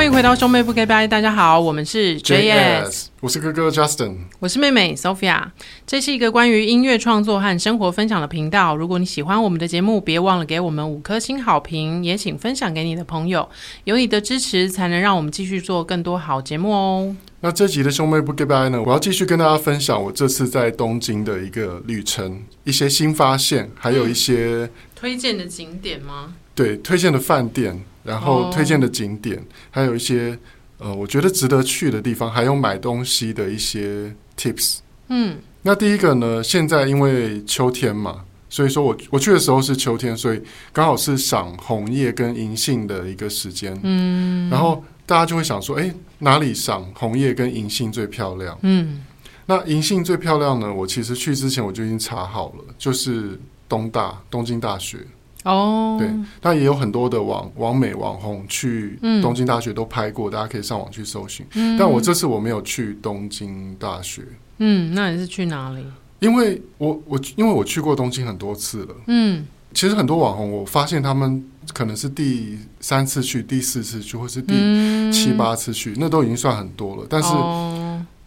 歡迎回到兄妹不 goodbye，大家好，我們是 JS，我是哥哥 Justin，我是妹妹 Sophia。這是一個關於音樂創作和生活分享的頻道。如果你喜歡我們的節目，別忘了給我們五顆星好評，也請分享給你的朋友。有你的支持，才能讓我們繼續做更多好節目哦。那這集的兄妹不 goodbye 呢，我要繼續跟大家分享我這次在東京的一個旅程，一些新發現，還有一些、嗯、推薦的景點嗎？對，推薦的飯店。然後推薦的景點，oh. 還有一些呃，我覺得值得去的地方，還有買東西的一些 tips。嗯，那第一個呢，現在因為秋天嘛，所以說我我去的時候是秋天，所以剛好是賞紅葉跟銀杏的一個時間。嗯，然後大家就會想說，哎、欸，哪裡賞紅葉跟銀杏最漂亮？嗯，那銀杏最漂亮呢？我其實去之前我就已經查好了，就是東大東京大學。哦、oh，對，但也有很多的網網美網紅去東京大學都拍過，嗯、大家可以上網去搜尋、嗯。但我這次我沒有去東京大學。嗯，那你是去哪裡？因為我我因為我去過東京很多次了。嗯，其實很多網紅我發現他們可能是第三次去、第四次去，或是第七、嗯、八次去，那都已經算很多了。但是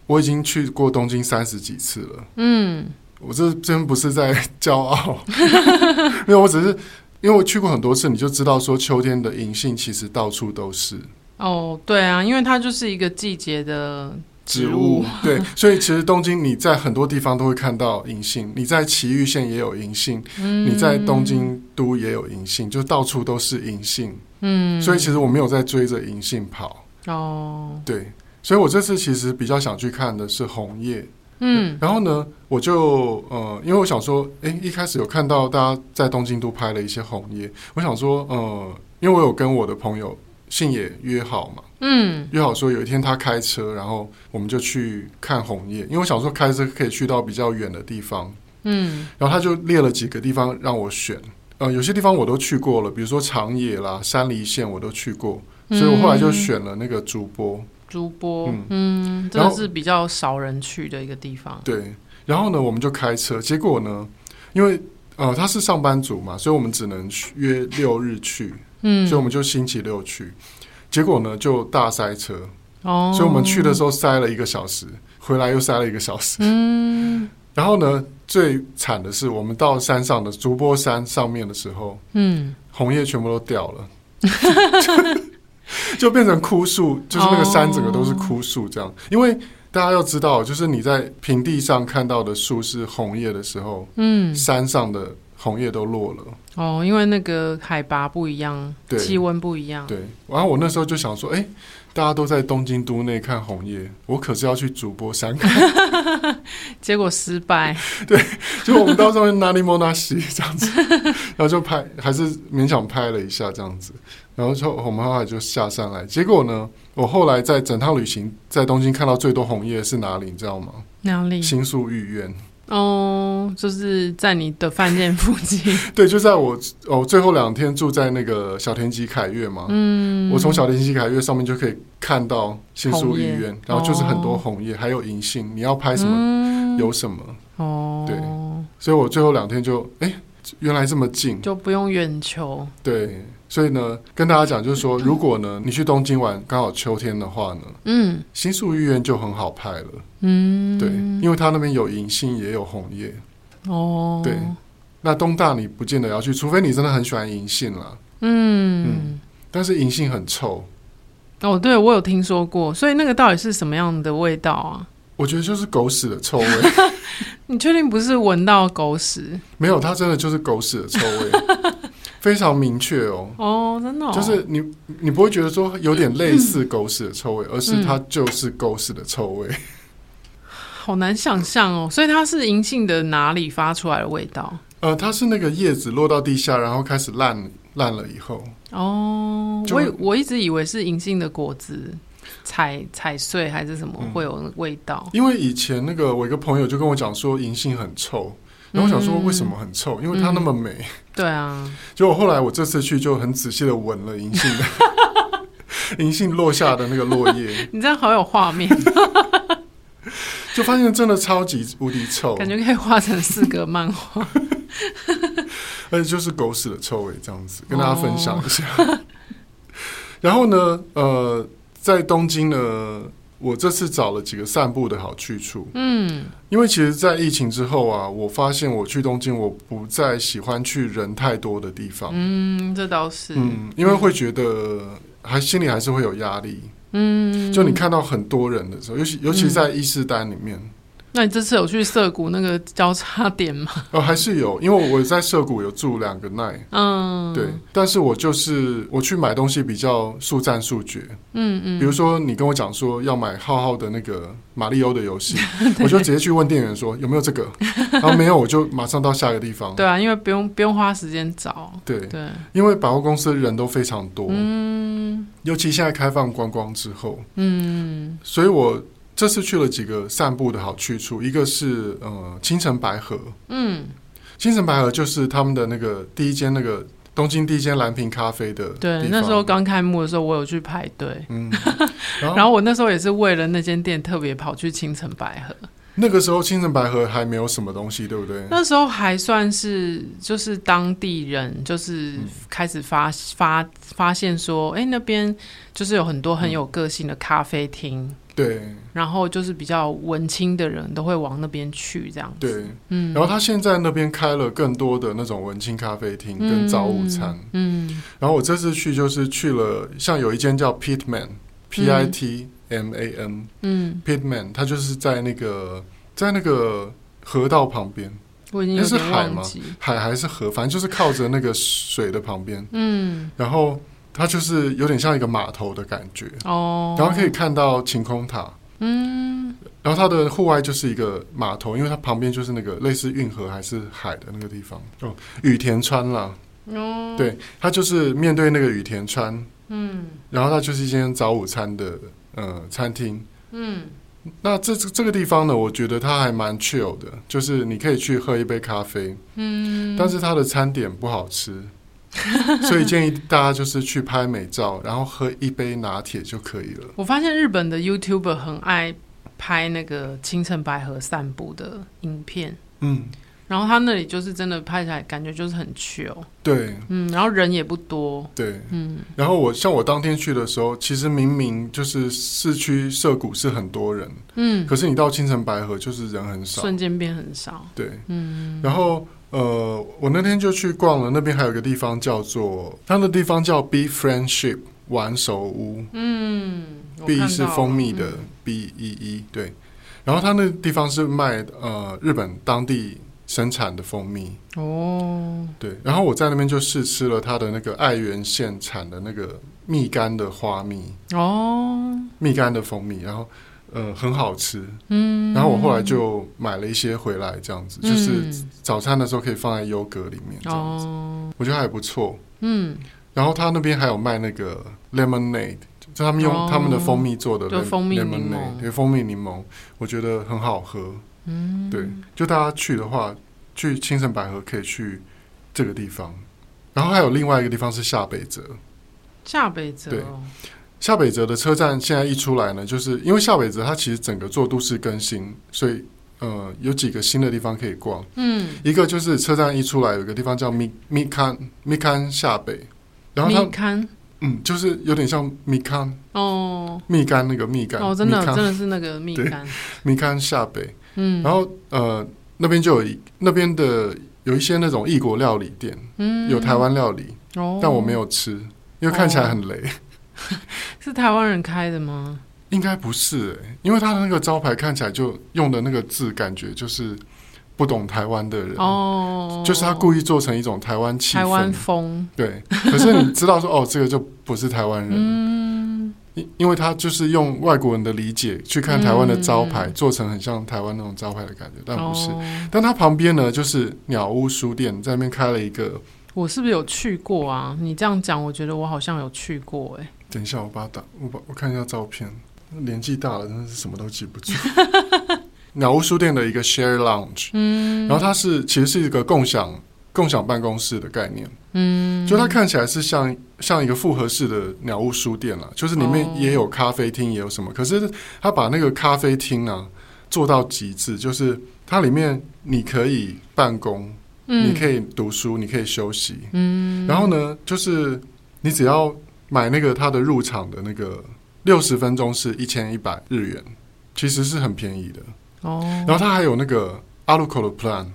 我已經去過東京三十幾次了。嗯，我這真不是在驕傲， 沒有，我只是。因為我去過很多次，你就知道說秋天的銀杏其實到處都是。哦，對啊，因為它就是一個季節的植物，對，所以其實東京你在很多地方都會看到銀杏，你在埼玉縣也有銀杏，你在東京都也有銀杏，就到處都是銀杏。嗯，所以其實我沒有在追着銀杏跑。哦，對，所以我這次其實比較想去看的是紅葉。嗯，然後呢，我就呃，因為我想說，哎、欸，一開始有看到大家在東京都拍了一些紅葉，我想說，呃，因為我有跟我的朋友信也約好嘛，嗯，約好說有一天他開車，然後我們就去看紅葉，因為我想說開車可以去到比較遠的地方，嗯，然後他就列了幾個地方讓我選，呃，有些地方我都去過了，比如說長野啦、山梨縣我都去過，所以我後來就選了那個主播。嗯筑波，嗯，這、嗯、是比較少人去的一個地方。對，然後呢，我們就開車，結果呢，因為呃，他是上班族嘛，所以我們只能約六日去，嗯，所以我們就星期六去，結果呢，就大塞車，哦，所以我們去的時候塞了一個小時，回來又塞了一個小時，嗯，然後呢，最慘的是，我們到山上的筑波山上面的時候，嗯，紅葉全部都掉了。 就變成枯樹，就是那個山整個都是枯樹這樣、哦。因為大家要知道，就是你在平地上看到的樹是紅葉的時候，嗯，山上的紅葉都落了哦。因為那個海拔不一樣，氣溫不一樣。對。然、啊、後我那時候就想說，哎、欸，大家都在東京都內看紅葉，我可是要去筑波山看， 結果失敗。對，就我們到上面なにもなし這樣子，然後就拍，還是勉強拍了一下這樣子。然後我們後來就下山來，結果呢，我後來在整趟旅行，在東京看到最多紅葉是哪裡，你知道嗎？哪裡？新宿御苑。哦、oh，就是在你的飯店附近。 對，就在我哦、oh, 最後兩天住在那個小田急凱悅嘛。嗯。我從小田急凱悅上面就可以看到新宿御苑，然後就是很多紅葉，oh. 還有銀杏。你要拍什麼？嗯、有什麼？哦、oh，對。所以我最後兩天就誒原來這麼近，就不用遠求。對，所以呢，跟大家講，就是說、嗯，如果呢，你去東京玩，剛好秋天的話呢，嗯，新宿御苑就很好拍了。嗯，對，因為它那邊有銀杏，也有紅葉。哦，對，那東大你不見得要去，除非你真的很喜歡銀杏啦、嗯。嗯，但是銀杏很臭。哦，對，我有聽說過，所以那個到底是什麼樣的味道啊？我覺得就是狗屎的臭味 你確定不是聞到狗屎？沒有，它真的就是狗屎的臭味， 非常明確哦。哦，真的、哦，就是你，你不會覺得說有點類似狗屎的臭味，嗯、而是它就是狗屎的臭味。嗯、 好難想象哦，所以它是銀杏的哪裡發出來的味道？呃，它是那個葉子落到地下，然後開始爛爛了以後。哦，我我一直以為是銀杏的果子。踩踩碎，還是什麼會有味道？嗯？因為以前那個我一個朋友就跟我講說銀杏很臭，嗯，然後我想說為什麼很臭？嗯，因為它那麼美，嗯。對啊，結果後來我這次去就很仔細的聞了銀杏的， 銀杏落下的那個落葉， 你這樣好有畫面， 就發現真的超級無敵臭，感覺可以畫成四格漫畫， 而且就是狗屎的臭味這樣子，跟大家分享一下。哦、 然後呢，呃。在東京呢，我這次找了幾個散步的好去處。嗯，因為其實，在疫情之後啊，我發現我去東京，我不再喜歡去人太多的地方。嗯，這倒是。嗯，因為會覺得還心裡還是會有壓力。嗯，就你看到很多人的時候，尤其尤其是在伊勢丹裡面。嗯嗯那你這次有去澀谷那個交叉點嗎？哦，還是有，因為我在澀谷有住兩個 night。嗯，對，但是我就是我去買東西比較速戰速決。嗯嗯，比如說你跟我講說要買浩浩的那個馬里歐的遊戲，我就直接去問店員說有沒有這個，然後沒有我就馬上到下個地方。 對啊，因為不用不用花時間找。對對，因為百貨公司的人都非常多，嗯，尤其現在開放觀光之後，嗯，所以我。這次去了幾個散步的好去處，一個是呃清澄白河，嗯，清澄白河就是他們的那個第一間那個東京第一間藍瓶咖啡的，對，那時候剛開幕的時候我有去排隊，嗯，然後, 然後我那時候也是為了那間店特別跑去清澄白河，那個時候清澄白河還沒有什麼東西，對不對？那時候還算是就是當地人就是開始發發發現說，哎、欸，那邊就是有很多很有個性的咖啡廳。對，然後就是比較文青的人都會往那邊去，這樣子對。嗯，然後他現在那邊開了更多的那種文青咖啡廳跟早午餐。嗯。嗯，然後我這次去就是去了，像有一間叫 Pitman，P、嗯、I T M A N、嗯。嗯，Pitman，它就是在那個在那個河道旁邊，那、哎、是海嗎？海還是河？反正就是靠着那個水的旁邊。嗯，然後。它就是有點像一個碼頭的感覺，哦、oh.，然後可以看到晴空塔，嗯、mm.，然後它的戶外就是一個碼頭，因為它旁邊就是那個類似運河還是海的那個地方，哦，隅田川啦，哦、oh.，對，它就是面對那個隅田川，嗯、mm.，然後它就是一間早午餐的呃餐廳，嗯、mm.，那這這個地方呢，我覺得它還蠻 chill 的，就是你可以去喝一杯咖啡，嗯、mm.，但是它的餐點不好吃。 所以建議大家就是去拍美照，然後喝一杯拿鐵就可以了。我發現日本的 YouTuber 很愛拍那個清澄白河散步的影片，嗯，然後他那裡就是真的拍起來感覺就是很 cute 哦，對，嗯，然後人也不多，對，嗯，然後我像我當天去的時候，其實明明就是市區澀谷是很多人，嗯，可是你到清澄白河就是人很少，瞬間變很少，對，嗯，然後。呃，我那天就去逛了，那邊還有一個地方叫做，他的地方叫 B Friendship 玩手屋，嗯，B 是蜂蜜的 B E E 對，然後他那地方是賣呃日本當地生產的蜂蜜哦，對，然後我在那邊就試吃了他的那個愛媛縣產的那個蜜柑的花蜜哦，蜜柑的蜂蜜，然後。嗯、呃，很好吃。嗯，然後我後來就買了一些回來，這樣子、嗯、就是早餐的時候可以放在優格裡面這樣子。哦、嗯，我覺得還不錯。嗯，然後他那邊還有賣那個 lemonade，嗯、就他們用、哦、他們的蜂蜜做的 lemonade，蜂蜜檸檬，對蜂蜜檸檬、嗯，我覺得很好喝。嗯，對，就大家去的話，去清澄白河可以去這個地方，然後還有另外一個地方是下北澤，下北澤對。下北澤的車站現在一出來呢，就是因為下北澤它其實整個做都市更新，所以呃有幾個新的地方可以逛。嗯，一個就是車站一出來有一個地方叫米蜜柑蜜柑下北，然後蜜柑嗯，就是有點像蜜柑，哦，蜜柑那個蜜柑，哦，真的真的是那個蜜柑蜜柑下北。嗯，然後呃，那邊就有一那邊的有一些那種異國料理店嗯，有台灣料理、哦、但我沒有吃，因為看起來很雷。哦 是台灣人開的嗎？應該不是、欸，哎，因為他的那個招牌看起來就用的那個字，感覺就是不懂台灣的人哦，oh, 就是他故意做成一種台灣氣、台灣風。對，可是你知道說， 哦，這個就不是台灣人，因、 嗯、因為他就是用外國人的理解去看台灣的招牌、嗯，做成很像台灣那種招牌的感覺，但不是。Oh, 但他旁邊呢，就是鳥屋書店在那邊開了一個，我是不是有去過啊？你這樣講，我覺得我好像有去過、欸，哎。等一下，我把它打，我把我看一下照片。年紀大了，真的是什麼都記不住。 鳥屋書店的一個 Share Lounge、嗯、然後它是其實是一個共享共享辦公室的概念，嗯，就它看起來是像像一個複合式的鳥屋書店了、啊，就是裡面也有咖啡廳，也有什麼、哦。可是它把那個咖啡廳啊做到極致，就是它裡面你可以辦公、嗯，你可以讀書，你可以休息，嗯，然後呢，就是你只要。買那個他的入場的那個六十分鐘是一千一百日元，其實是很便宜的哦。Oh. 然後他還有那個阿魯口的 plan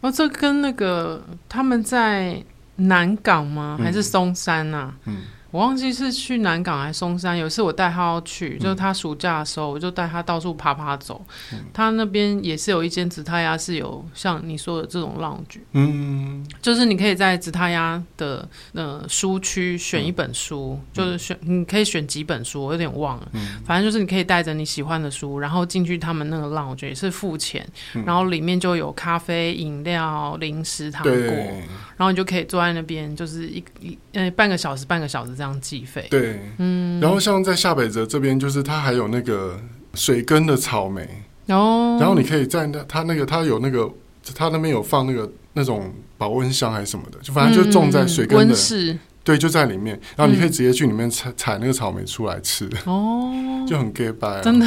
哦。Oh，這跟那個他們在南港嗎？還是松山啊？嗯。嗯我忘記是去南港還是松山。有一次我帶他要去，嗯、就是他暑假的時候，我就帶他到處爬爬走。嗯、他那邊也是有一間紫泰鴨，是有像你說的這種 lounge，嗯，就是你可以在紫泰鴨的呃書區選一本書，嗯、就是選、嗯、你可以選幾本書，我有點忘了。嗯、反正就是你可以帶着你喜歡的書，然後進去他們那個 lounge 也是付錢、嗯，然後裡面就有咖啡、飲料、零食、糖果。然後你就可以坐在那邊，就是一一半個小時，半個小時這樣計費。對，嗯。然後像在下北澤這邊，就是它還有那個水耕的草莓。哦。然後你可以在那它那個它有那個它那邊有放那個那種保溫箱還是什麼的，就反正就種在水耕的、嗯嗯、溫室。對，就在裡面，然後你可以直接去裡面採、嗯、採那個草莓出來吃。哦。就很假掰、啊，真的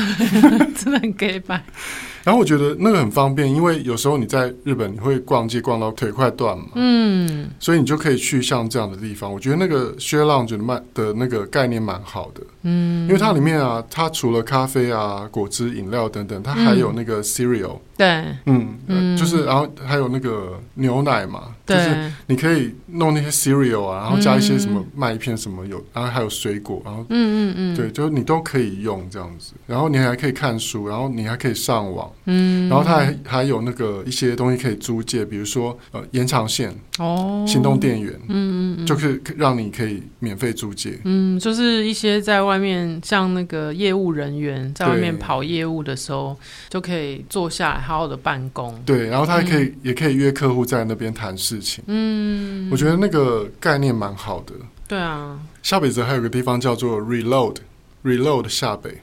真的很假掰。 然後我覺得那個很方便，因為有時候你在日本你會逛街逛到腿快斷嘛，嗯，所以你就可以去像這樣的地方。我覺得那個 share lounge 的那個概念蠻好的，嗯，因為它裡面啊，它除了咖啡啊、果汁、飲料等等，它還有那個 cereal，嗯，對，嗯，嗯，就是然後還有那個牛奶嘛，就是你可以弄那些 cereal 啊，然後加一些什麼麥片什麼有，然後還有水果，然後嗯嗯嗯，對，就是你都可以用這樣子，然後你還可以看書，然後你還可以上網。嗯，然後它還還有那個一些東西可以租借，比如說呃延長線哦，行動電源嗯嗯，嗯，就是讓你可以免費租借，嗯，就是一些在外面像那個業務人員在外面跑業務的時候，就可以坐下來好好的辦公，對，嗯、對然後它還可以、嗯、也可以約客戶在那邊談事情，嗯，我覺得那個概念蠻好的，對啊，下北澤還有個地方叫做 Reload Reload 下北。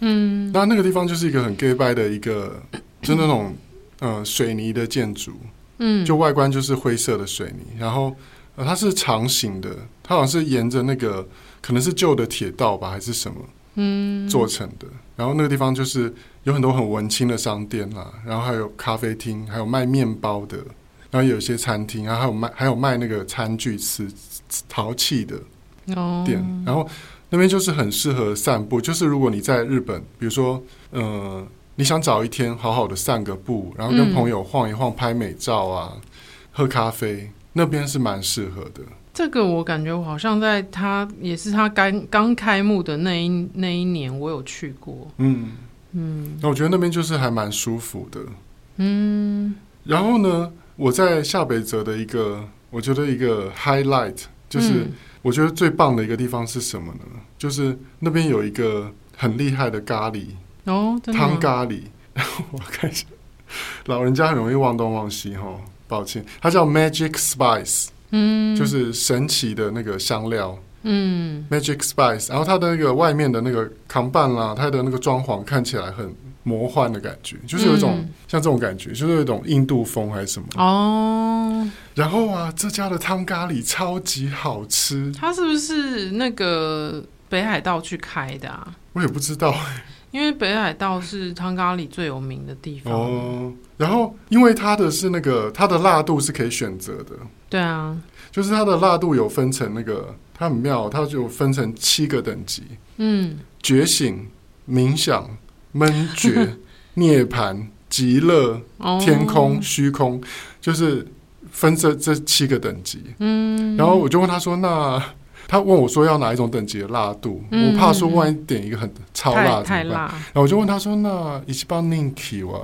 嗯，那那個地方就是一個很 gay 拜的一個，就是、那種呃水泥的建築，嗯，就外觀就是灰色的水泥，然後、呃、它是長形的，它好像是沿着那個可能是舊的鐵道吧還是什麼，嗯，做成的。然後那個地方就是有很多很文青的商店啦，然後還有咖啡廳，還有賣麵包的，然後有一些餐廳，然後還有賣還有賣那個餐具瓷陶器的。Oh, 店，然後那邊就是很適合散步。就是如果你在日本，比如說，嗯、呃，你想找一天好好的散個步，然後跟朋友晃一晃，拍美照啊、嗯，喝咖啡，那邊是蠻適合的。這個我感覺我好像在他也是他剛剛開幕的那一那一年，我有去過。嗯嗯，那我覺得那邊就是還蠻舒服的。嗯，然後呢，我在下北澤的一個，我覺得一個 highlight 就是。嗯我覺得最棒的一個地方是什麼呢？就是那邊有一個很厲害的咖喱哦，oh，湯咖喱。然後我看一下，老人家很容易忘東忘西哈，抱歉。它叫 Magic Spice，嗯，就是神奇的那個香料，嗯，Magic Spice。然後它的那個外面的那個看板啦，它的那個裝潢看起來很。魔幻的感覺，就是有一種、嗯、像這種感覺，就是有一種印度風還是什麼哦。然後啊，這家的湯咖喱超級好吃。它是不是那個北海道去開的啊？我也不知道、欸，因為北海道是湯咖喱最有名的地方哦。然後，因為它的是那個它的辣度是可以選擇的，對、嗯、啊，就是它的辣度有分成那個，它很妙，它就分成七個等級，嗯，覺醒、冥想。悶絕、涅槃、極樂、天空、oh. 虛空，就是分這這七個等級。嗯，然後我就問他說：“那他問我說要哪一種等級的辣度？嗯、我怕說萬一點一個很超辣怎麼辦？太、太辣。”然後我就問他說：“那一般寧體哇，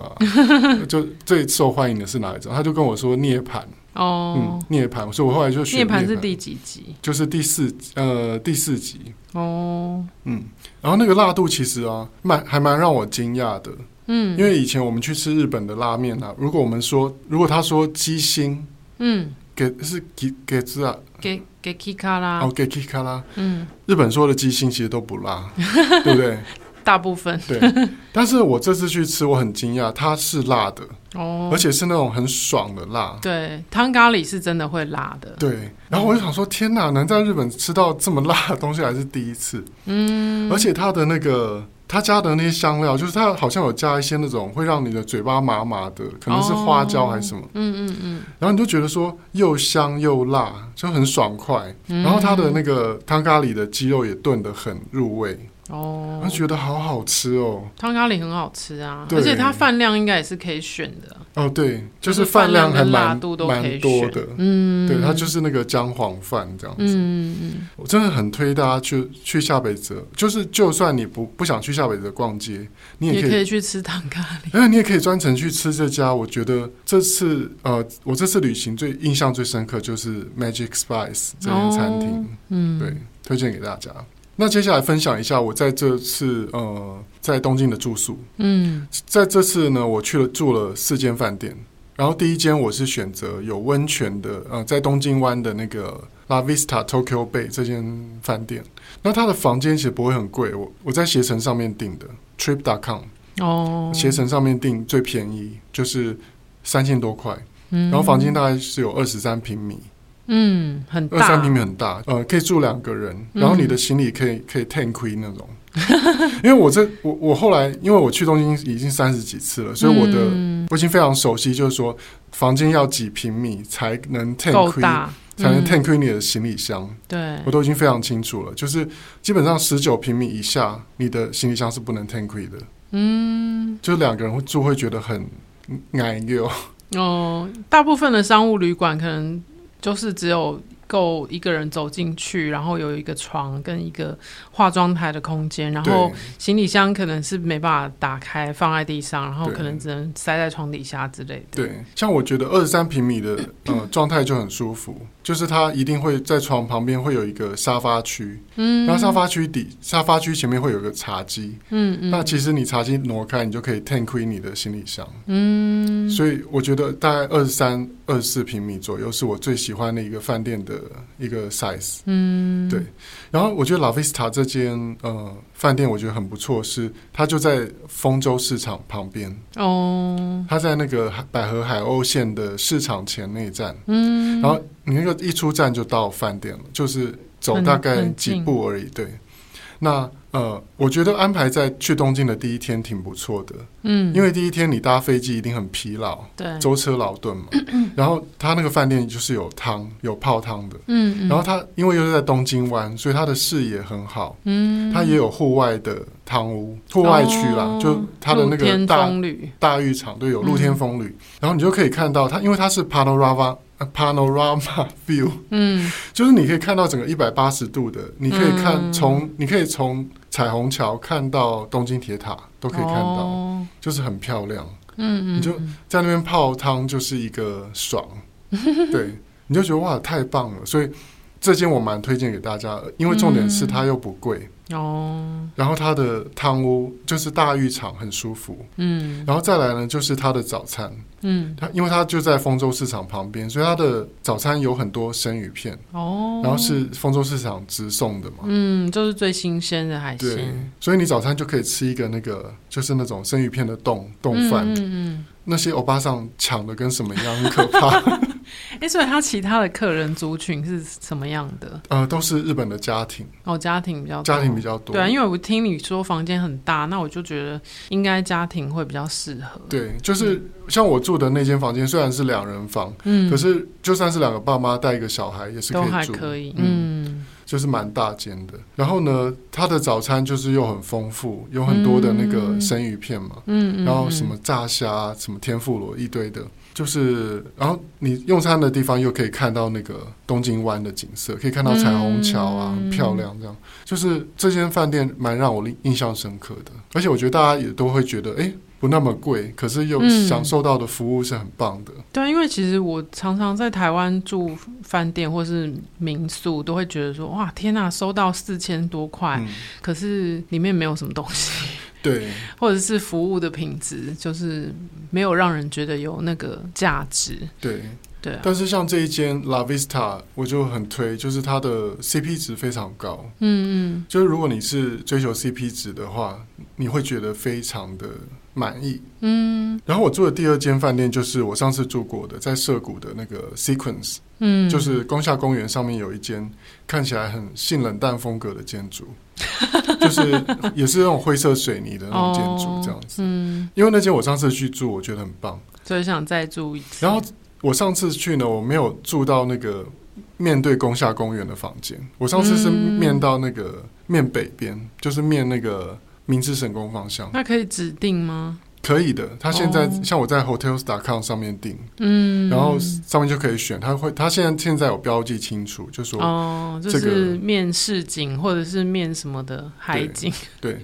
就最受歡迎的是哪一種？”他就跟我說涅槃：“涅槃。”哦，嗯，涅槃，所以我後來就選了涅槃。涅槃是第幾集就是第四，呃，第四集。哦，嗯，然後那個辣度其實啊，蠻還蠻讓我驚訝的，嗯，因為以前我們去吃日本的拉麵啊，如果我們說，如果他說雞心，嗯，給是給給字啊，給給 k 卡拉，哦，給 k 卡拉，嗯，日本說的雞心其實都不辣， 對不對？大部分對， 但是我這次去吃，我很驚訝，它是辣的哦，oh, 而且是那種很爽的辣。對，湯咖喱是真的會辣的。對，然後我就想說，嗯、天哪，能在日本吃到這麼辣的東西還是第一次。嗯，而且它的那個它加的那些香料，就是它好像有加一些那種會讓你的嘴巴麻麻的，可能是花椒還是什麼。Oh, 嗯嗯嗯。然後你就覺得說又香又辣，就很爽快。嗯嗯嗯，然後它的那個湯咖喱的雞肉也燉得很入味。哦，我覺得好好吃哦，湯咖喱很好吃啊，對，而且它飯量應該也是可以選的。哦，對，就是飯量跟辣度都蠻多的。嗯，對，它就是那個薑黃飯這樣子。嗯嗯，我真的很推大家去去下北澤，就是就算你不不想去下北澤逛街你，你也可以去吃湯咖喱。嗯、呃，你也可以專程去吃這家。我覺得這次呃，我這次旅行最印象最深刻就是 Magic Spice 這間餐廳，oh。嗯，對，推薦給大家。那接下來分享一下我在這次呃在東京的住宿。嗯，在這次呢，我去了住了四間飯店。然後第一間我是選擇有溫泉的，呃，在東京灣的那個 La Vista Tokyo Bay 這間飯店。嗯。那它的房間其實不會很貴，我我在攜程上面訂的 trip.com 哦，攜程上面訂最便宜就是三千多塊。嗯，然後房間大概是有二十三平米。嗯，很大，二三平米很大，呃，可以住兩個人，然後你的行李可以、嗯、可以攤開那種。 因為我這我我後來因為我去東京已經三十幾次了，所以我的、嗯、我已經非常熟悉，就是說房間要幾平米才能攤開、嗯、才能攤開你的行李箱。對，我都已經非常清楚了，就是基本上十九平米以下，你的行李箱是不能攤開的。嗯，就兩個人會住會覺得很矮小。哦，大部分的商務旅館可能。就是只有。夠一個人走進去，然後有一個床跟一個化妝檯的空間，然後行李箱可能是沒辦法打開，放在地上，然後可能只能塞在床底下之類的。對，對，像我覺得二十三平米的咳咳呃狀態就很舒服，就是它一定會在床旁邊會有一個沙發區，嗯，然後沙發區底沙發區前面會有個茶幾，嗯嗯，那其實你茶几挪開，你就可以攤開你的行李箱，嗯，所以我覺得大概二十三、二十四平米左右是我最喜歡的一個飯店的。一個 size，嗯，對。然後我覺得 La Vista 這間呃飯店我覺得很不錯，是它就在豐州市場旁邊哦，它在那個百合海鷗線的市場前那一站，嗯，然後你那個一出站就到飯店了，就是走大概幾步而已，對。那呃，我覺得安排在去東京的第一天挺不錯的，嗯，因為第一天你搭飛機一定很疲勞，對，舟車勞頓嘛。 然後他那個飯店就是有湯，有泡湯的，嗯，然後他因為又是在東京灣，所以他的視野很好，嗯，他也有戶外的湯屋、戶外區啦，哦、就他的那個大浴大，大浴場，對，有露天風呂、嗯，然後你就可以看到它，因為它是 Panorama。A、Panorama view，嗯，就是你可以看到整個一百八十度的，你可以看從、嗯，你可以從彩虹橋看到東京鐵塔，都可以看到、哦，就是很漂亮，嗯，你就在那邊泡湯就是一個爽，嗯、對， 你就覺得哇太棒了，所以這間我蠻推薦給大家，因為重點是它又不貴。嗯嗯。哦、oh，然後他的湯屋就是大浴場，很舒服。嗯，然後再來呢，就是他的早餐。嗯，因為他就在豐洲市場旁邊，所以他的早餐有很多生魚片。哦、oh，然後是豐洲市場直送的嘛。嗯，就是最新鮮的海鮮。對，所以你早餐就可以吃一個那個，就是那種生魚片的丼丼飯。嗯嗯，嗯，那些歐巴桑搶的跟什麼一樣，很可怕。 哎、欸，所以他其他的客人族群是什麼樣的？呃，都是日本的家庭哦、嗯，家庭比較多，家庭比較多。對，因為我聽你說房間很大，那我就覺得應該家庭會比較適合。對，就是像我住的那間房間，雖然是兩人房，嗯，可是就算是兩個爸媽帶一個小孩，也是可以住，都還可以，嗯，嗯，就是蠻大間的。然後呢，他的早餐就是又很豐富，有很多的那個生魚片嘛，嗯，嗯，嗯，嗯，然後什麼炸蝦、什麼天婦羅一堆的。就是，然後你用餐的地方又可以看到那個東京灣的景色，可以看到彩虹橋啊，嗯嗯、漂亮這樣。就是這間飯店蠻讓我印印象深刻的，而且我覺得大家也都會覺得，哎，不那麼貴，可是又享受到的服務是很棒的。嗯、對，因為其實我常常在台灣住飯店或是民宿，都會覺得說，哇，天吶，收到四千多塊、嗯，可是裡面沒有什麼東西。對，或者是服務的品質，就是沒有讓人覺得有那個價值。對，對啊。但是像這一間 La Vista，我就很推，就是它的 C P 值非常高。嗯嗯，就是如果你是追求 C P 值的話，你會覺得非常的。滿意，嗯。然後我住的第二間飯店就是我上次住過的，在澀谷的那個 Sequence，嗯，就是宮下公園上面有一間看起來很性冷淡風格的建築， 就是也是那種灰色水泥的那種建築，這樣子、哦，嗯。因為那間我上次去住，我覺得很棒，所以想再住一次。然後我上次去呢，我沒有住到那個面對宮下公園的房間，我上次是面到那個面北邊，嗯、就是面那個。明治神宮方向，那可以指定嗎？可以的，他現在像我在 hotels.com 上面訂，嗯，然後上面就可以選，他會，他現在現在有標記清楚，就是、這個、哦，這、就、個、是、面市景或者是面什麼的海景對，對，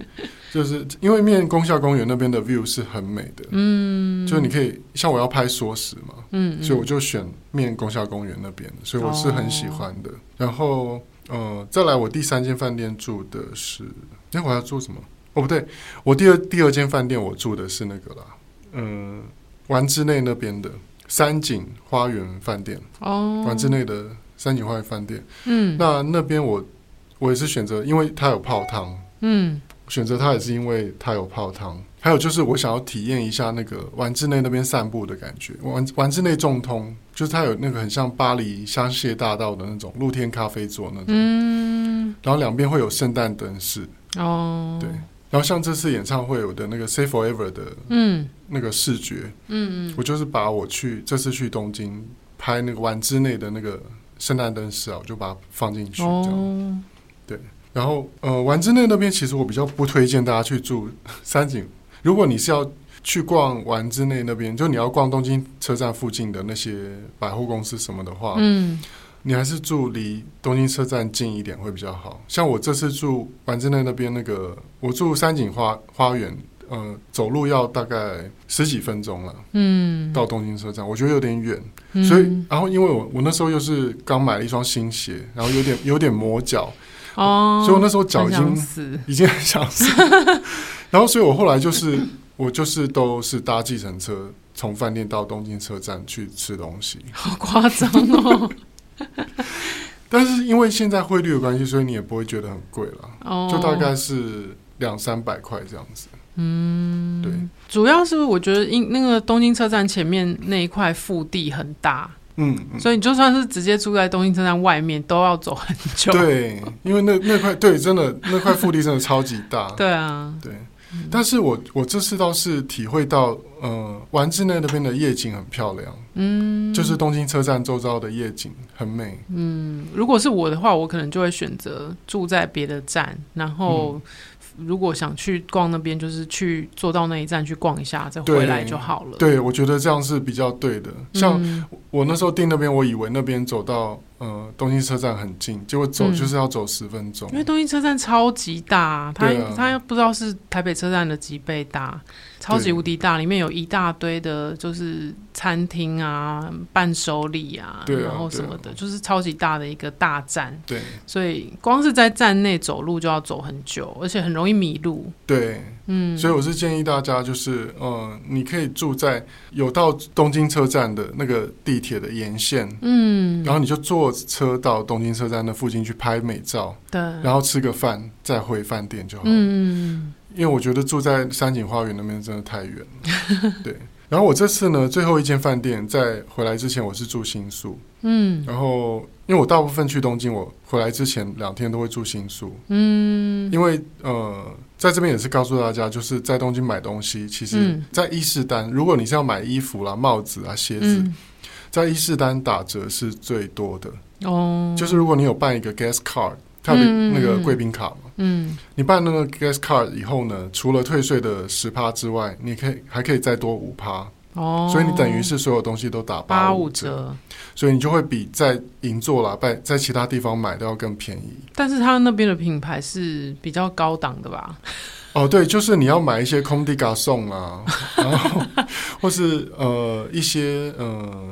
就是因為面宮下公園那邊的 view 是很美的，嗯，就是你可以像我要拍縮時嘛，嗯,嗯，所以我就選面宮下公園那邊，所以我是很喜歡的、哦。然後，呃，再來我第三間飯店住的是，那我要做什麼？哦，不對，我第二第二間飯店我住的是那個啦，嗯，丸之內那邊的三井花園飯店哦，oh. 丸之內的三井花園飯店，嗯，那那邊我我也是選擇，因為它有泡湯，嗯，選擇它也是因為它有泡湯，還有就是我想要體驗一下那個丸之內那邊散步的感覺，丸丸之內仲通就是它有那個很像巴黎香榭大道的那種露天咖啡座那種，嗯，然後兩邊會有聖誕燈飾哦，oh. 對。然後像這次演唱會，我的那個 Save 的，嗯《Safe Forever》的那個視覺，嗯嗯，我就是把我去這次去東京拍那個丸之內的那個聖誕燈飾啊，我就把它放進去這樣。哦，對，然後呃，丸之內那邊其實我比較不推薦大家去住三井。如果你是要去逛丸之內那邊，就你要逛東京車站附近的那些百貨公司什麼的話，嗯。你還是住離東京車站近一點會比較好，像我這次住丸之內那邊那個，我住三井花花園，呃，走路要大概十幾分鐘了，嗯，到東京車站我覺得有點遠。嗯，所以然後因為我我那時候又是剛買了一雙新鞋，然後有點有點磨腳，哦、 嗯，所以我那時候腳已經已經很想死， 然後所以我後來就是我就是都是搭計程車從飯 店到東京車站去吃東西，好誇張哦。 但是因為現在匯率有關係，所以你也不會覺得很貴了，oh. 就大概是兩三百塊這樣子。嗯，對，主要是，是我覺得，因那個東京車站前面那一塊腹地很大，嗯，所以你就算是直接住在東京車站外面，都要走很久。 對，因為那那塊對，真的那塊腹地真的超級大。 對啊，對。但是我我這次倒是體會到，呃，丸之內那邊的夜景很漂亮，嗯，就是東京車站周遭的夜景很美，嗯，如果是我的話，我可能就會選擇住在別的站，然後、嗯。如果想去逛那邊，就是去坐到那一站去逛一下，再回來就好了，對。對，我覺得這樣是比較對的。像我那時候訂那邊，我以為那邊走到呃東京車站很近，結果走、嗯、就是要走十分鐘。因為東京車站超級大，它、啊、它不知道是台北車站的幾倍大，超級無敵大，裡面有一大堆的，就是。餐廳啊，伴手禮啊，啊，然後什麼的，啊，就是超級大的一個大站。對，所以光是在站內走路就要走很久，而且很容易迷路。對，嗯，所以我是建議大家，就是，嗯，你可以住在有到東京車站的那個地鐵的沿線，嗯，然後你就坐車到東京車站的附近去拍美照，對，然後吃個飯再回飯店就好了。嗯，因為我覺得住在三井花園那邊真的太遠了， 對。然後我這次呢，最後一間飯店在回來之前，我是住新宿。嗯，然後因為我大部分去東京，我回來之前兩天都會住新宿。嗯，因為呃，在這邊也是告訴大家，就是在東京買東西，其實，在伊勢丹，如果你是要買衣服啦、帽子啊、鞋子，嗯、在伊勢丹打折是最多的。哦，就是如果你有辦一個 Guest Card，它的那個貴賓卡。嗯嗯嗯，你辦那個 guest card 以後呢，除了退稅的十趴之外，你可以還可以再多五趴哦，所以你等於是所有東西都打八五折，所以你就會比在銀座啦、在在其他地方買都要更便宜。但是他那邊的品牌是比較高檔的吧？哦，對，就是你要買一些 Comme des Garçons 啊， 然後或是呃一些呃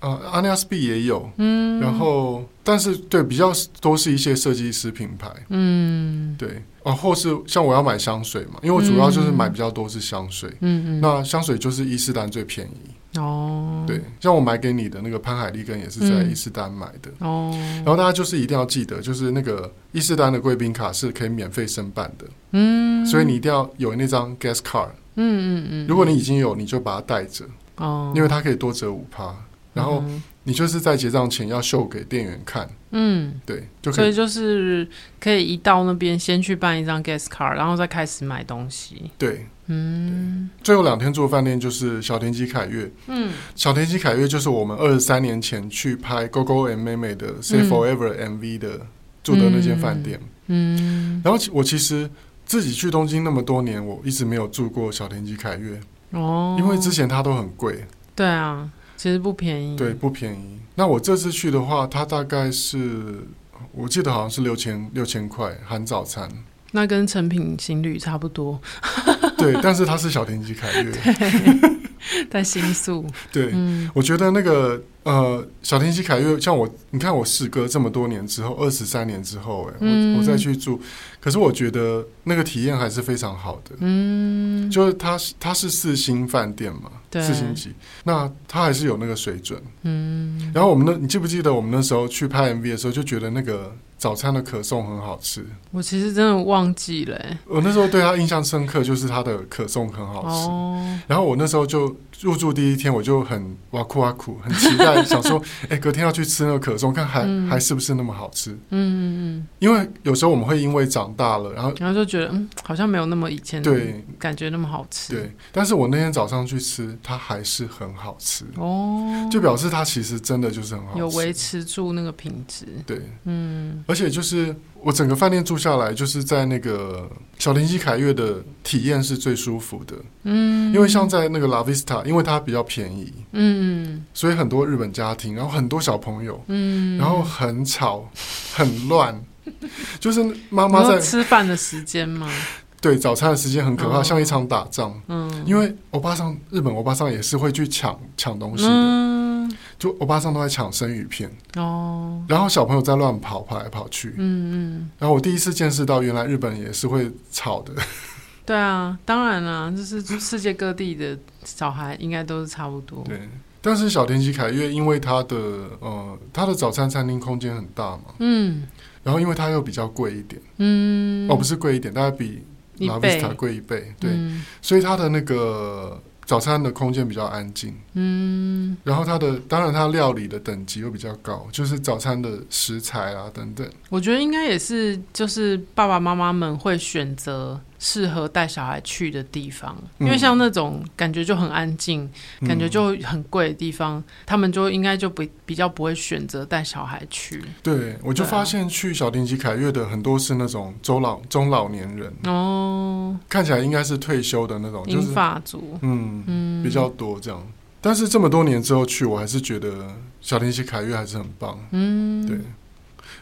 啊，Agnes B 也有，嗯，然後但是對，比較都是一些設計師品牌，嗯。對，啊，或是像我要買香水嘛，因為我主要就是買比較多是香水，嗯嗯，那香水就是伊勢丹最便宜哦。對，像我買給你的那個潘海利根也是在伊勢丹買的哦，嗯。然後大家就是一定要記得，就是那個伊勢丹的貴賓卡是可以免費申辦的，嗯，所以你一定要有那張 guest card，嗯嗯嗯，嗯，如果你已經有，你就把它帶着哦，因為它可以多折五趴，然後，嗯。你就是在結賬前要秀給店員看，嗯，對，就可以，所以就是可以一到那邊先去辦一張 guest card，然後再開始買東西。對，嗯，最後兩天住的飯店就是小田急凱悅，嗯，小田急凱悅就是我們二十三年前去拍 Gogo and 妹妹的 Say Forever、嗯、MV 的住的那間飯店嗯，嗯，然後我其實自己去東京那麼多年，我一直沒有住過小田急凱悅，哦，因為之前它都很貴，對啊。其實不便宜，對，不便宜。那我這次去的話，它大概是我記得好像是六千六千塊含早餐，那跟誠品行旅差不多。 對，但是它是小田急凱悅，在 新宿。對，嗯，我覺得那個呃，小田急凱悅像我，你看我四哥這麼多年之後，二十三年之後，欸，哎，我、嗯、我再去住，可是我覺得那個體驗還是非常好的。嗯，就是它它是四星飯店嘛。四星級，那他還是有那個水準。嗯，然後我們那，你記不記得我們那時候去拍 MV 的時候，就覺得那個早餐的可頌很好吃。我其實真的忘記了。我那時候對他印象深刻，就是他的可頌很好吃。 然後我那時候就。入住第一天我就很哇酷哇酷，很期待 想說，哎、欸，隔天要去吃那個可頌，看還、嗯、還是不是那麼好吃。嗯，因為有時候我們會因為長大了，然後然後就覺得，嗯，好像沒有那麼以前對感覺那麼好吃對。對，但是我那天早上去吃，它還是很好吃哦，就表示它其實真的就是很好吃，有維持住那個品質。對，嗯，而且就是我整個飯店住下來，就是在那個小林西凱悅的體驗是最舒服的。嗯，因為像在那個 La Vista。因為它比較便宜，嗯，所以很多日本家庭，然後很多小朋友，嗯，然後很吵，很亂， 就是媽媽在吃飯的時間嘛，對，早餐的時間很可怕，哦，像一場打仗，嗯，因為歐巴桑日本歐巴桑也是會去搶搶東西的，嗯，就歐巴桑都在搶生魚片哦，然後小朋友在亂跑跑來跑去，嗯嗯，然後我第一次見識到，原來日本也是會吵的。對啊，當然了，就是世界各地的小孩應該都是差不多。對，但是小田急凱悅因為它的呃，它的早餐餐廳空間很大嘛，嗯，然後因為它又比較貴一點，嗯，哦不是貴一點，大概比拉比斯塔貴一倍，對，嗯、所以它的那個早餐的空間比較安靜，嗯，然後它的當然它料理的等級又比較高，就是早餐的食材啊等等，我覺得應該也是就是爸爸媽媽們會選擇。適合帶小孩去的地方，因為像那種感覺就很安靜、嗯、感覺就很貴的地方、嗯，他們就應該就不比較不會選擇帶小孩去。對，我就發現去小亭子凱悅的很多是那種中老中老年人哦，看起來應該是退休的那種，就是銀髮族，嗯，嗯比較多這樣。但是這麼多年之後去，我還是覺得小亭子凱悅還是很棒。嗯，對。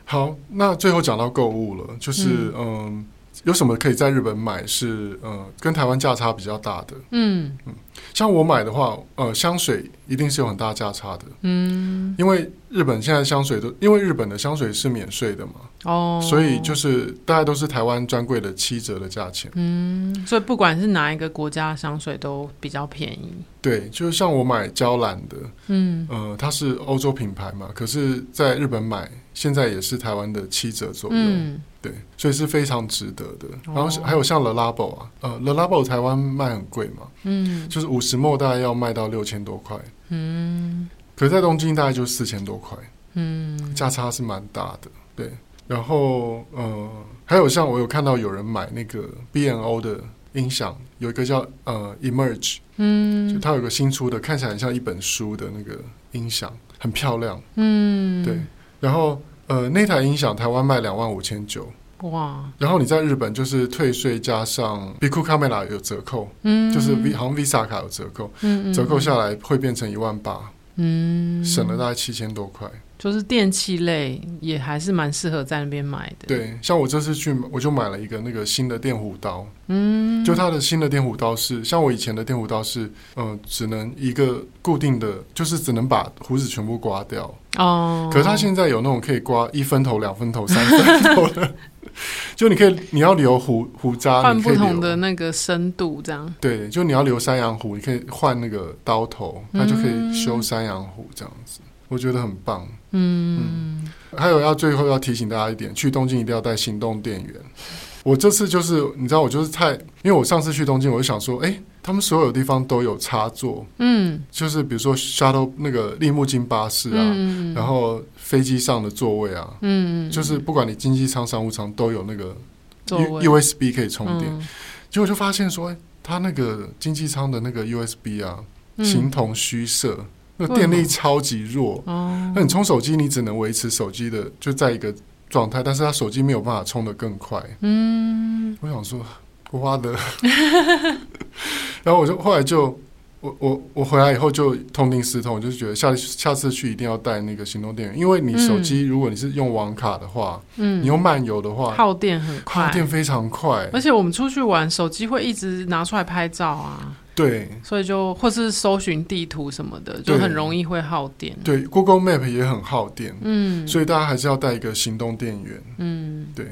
好，那最後講到購物了，就是嗯。嗯有什麼可以在日本買是呃跟台灣價差比較大的？嗯嗯，像我買的話，呃，香水一定是有很大價差的。嗯，因為日本現在香水都，因為日本的香水是免稅的嘛，哦，所以就是大概都是台灣專櫃的七折的價錢。嗯，所以不管是哪一個國家香水都比較便宜。對，就是像我買嬌蘭的，嗯呃，它是歐洲品牌嘛，可是在日本買。現在也是台灣的七折左右，嗯，對，所以是非常值得的。哦、然後還有像 Le Labo 啊，呃 Le Labo 台灣賣很貴嘛，嗯，就是 50ml 大概要賣到六千多塊，嗯，可在東京大概就四千多塊，嗯，價差是蠻大的，對。然後呃，還有像我有看到有人買那個 BNO 的音響，有一個叫呃 Emerge，嗯，就它有個新出的，看起來很像一本書的那個音響，很漂亮，嗯，對，然後。呃，那台音響台灣賣兩萬五千九，哇！然後你在日本就是退稅加上 Bic Camera 有折扣，嗯，就是 V 好像 VISA 卡有折扣，嗯，嗯，嗯，折扣下來會變成一萬八，嗯，省了大概七千多塊。就是電器類也還是蠻適合在那邊買的，對，像我這次去我就買了一個那個新的電鬍刀，嗯，就它的新的電鬍刀是像我以前的電鬍刀是嗯、呃、只能一個固定的，就是只能把鬍子全部刮掉。哦、oh.，可是他現在有那種可以刮一分頭、兩分頭、三分頭的 就你可以，你要留鬍鬍渣你可以，換不同的那個深度，這樣對，就你要留山羊鬍，你可以換那個刀頭，它，嗯、就可以修山羊鬍，這樣子，我覺得很棒。嗯，嗯，還有要最後要提醒大家一點，去東京一定要帶行動電源。我這次就是，你知道，我就是太，因為我上次去東京，我就想說，哎、欸。他們所有地方都有插座，嗯，就是比如說 Shuttle 那個利木津巴士啊，嗯、然後飛機上的座位啊，嗯，就是不管你經濟艙商務艙都有那個 U S B 可以充電，嗯，結果就發現說，哎、欸，他那個經濟艙的那個 U S B 啊、嗯，形同虛設，嗯，那電力超級弱，那、嗯、你充手機，你只能維持手機的就在一個狀態，但是他手機沒有辦法充得更快，嗯，我想說。花的 然後我就後來就我我我回來以後就痛定思痛，我就是覺得下下次去一定要帶那個行動電源，因為你手機如果你是用網卡的話，嗯，你用漫遊的話，嗯，耗電很快，耗電非常快，而且我們出去玩，手機會一直拿出來拍照啊，對，所以就或是搜尋地圖什麼的，就很容易會耗電，對，對，Google Map 也很耗電，嗯，所以大家還是要帶一個行動電源，嗯，對。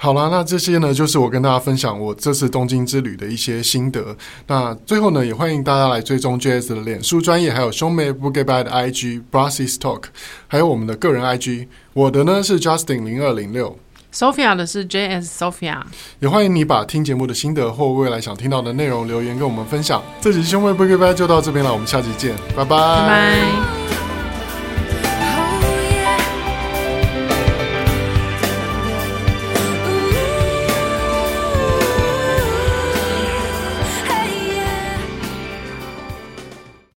好啦，那這些呢，就是我跟大家分享我這次東京之旅的一些心得。那最後呢，也歡迎大家來追蹤 J.S 的臉書專頁，還有兄妹 b g o o d b a d 的 I.G. b r a s s s Talk，還有我們的個人 I.G. 我的呢是 Justin 零二零六，Sophia 的是 J.S. Sophia。也歡迎你把聽節目的心得或未來想聽到的內容留言跟我們分享。這集兄妹 b g o o d b a d 就到這邊了，我們下集見，拜拜。Bye bye